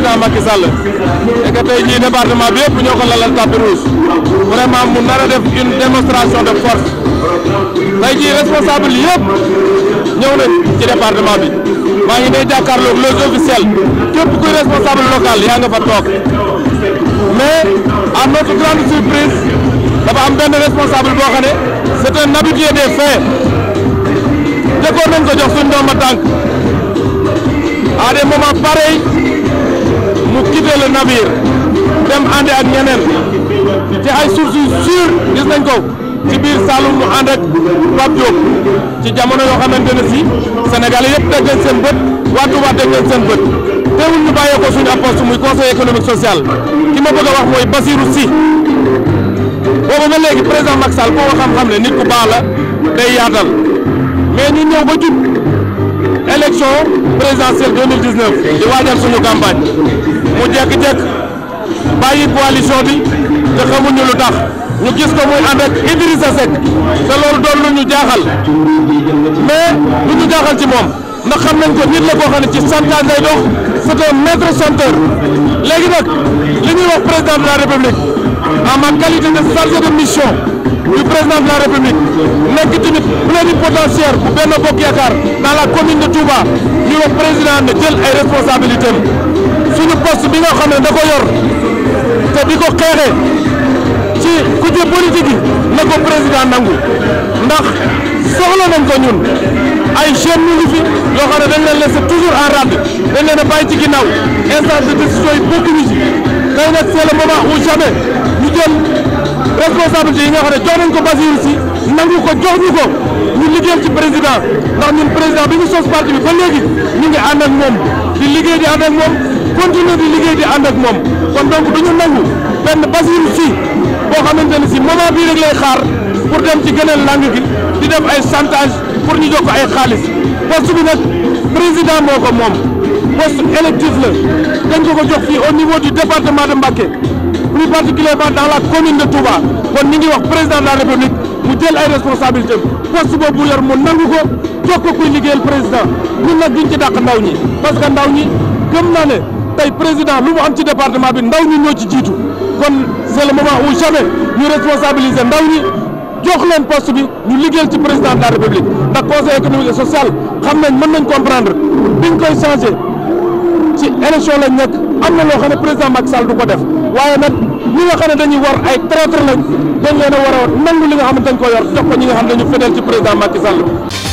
président Macky Sall et que tey jii département bi yëpp ñoo ko lalal tapis rouge vraiment mu nar a def une démonstration de force tey jii responsable yëpp ñëw na ci département bi maa ngi day jàkkaarloog les officiels képp kuy responsable local yaa nga fa toog mais à notre grande surprise dafa am benn responsable boo xam ne c'est un habitué des faits jëkkoon nañ ko jox suñu doomu tànk à des moments pareils. quitter le navire dem ànd ak ñeneen ci ay sources ci biir Saloum mu ànd ak Pape Diop ci yoo xamante ne si Sénégal yëpp teg nañ seen bët waa Touba teg nañ seen bët ma a mooy Basirou Sy boobu ba léegi président Macky Sall koo xam-xam ne nit ku baax la day yaatal mais ñu ñëw ba jub. élection présidentielle 2019 di waajal suñu campagne mu jekk-jekk bàyyi coalition bi te xamuñu lu tax ñu gis ko muy ànd ak Idrissa Seck te loolu doon lu ñu jaaxal mais lu ñu jaaxal ci moom ndax xam nañ ko nit la koo xam ne ci santaan lay dox c'est un maître chanteur léegi nag li ñuy wax président de la république en ma qualité de de mission du président de la République nekk tamit plénipotentiaire bu Benno Bokk Yaakaar dans la commune de Touba ñu wax président ne jël ay responsabilités suñu poste bi nga xam ne ko yor te di ko xeexee ci kuje politique yi na ko président nangu ndax soxla nañ ko ñun ay jeunes ñu ngi fi yoo xam ne dañ leen laisser toujours en rade dañ leen a bàyyi ci ginnaaw instance de décision yi bokkuñu ci tey nag c'est le moment ou jël responsabilité yi nga xam ne jox nañ ko Basirou si nangu ko jox ñu ko ñu liggéeyal ci président ndax ñun président bi ñu sos parti bi ba léegi ngi ànd moom di liggéey di ànd ak moom continuer di liggéey di nangu benn Basirou si boo xamante ne si moment bii rek lay xaar pour dem ci gënal langue gi di def ay chantage pour ñu jox ko ay xaalis poste bi nag président moo ko moom poste électif la dañ ko ko jox fii au niveau du département de Mbacké plus particulièrement dans la commune de Touba kon ñu wax président de la république mu jël ay responsabilités poste boobu yor mu nangu ko jox ko kuy président ñun nag ci dàq ndaw ñi parce ndaw ñi gëm naa ne tey président lu mu am ci département bi ndaw ñi ñoo ci jiitu kon c'est le moment ou jamais ñu responsabiliser ndaw ñi jox leen poste bi ñu liggéeyal ci président de la république ndax conseil économique et social xam nañ mën nañ comprendre biñ koy changer. ci élection lañ nekk am na loo xam ne président Macky Sall du ko def waaye nag ñi nga xam ne dañuy war ay traître lañ dañ leen a war a nangu li nga xam ne dañ ko yor jox ko ñi nga xam ne dañu fidèle ci président Macky Sall.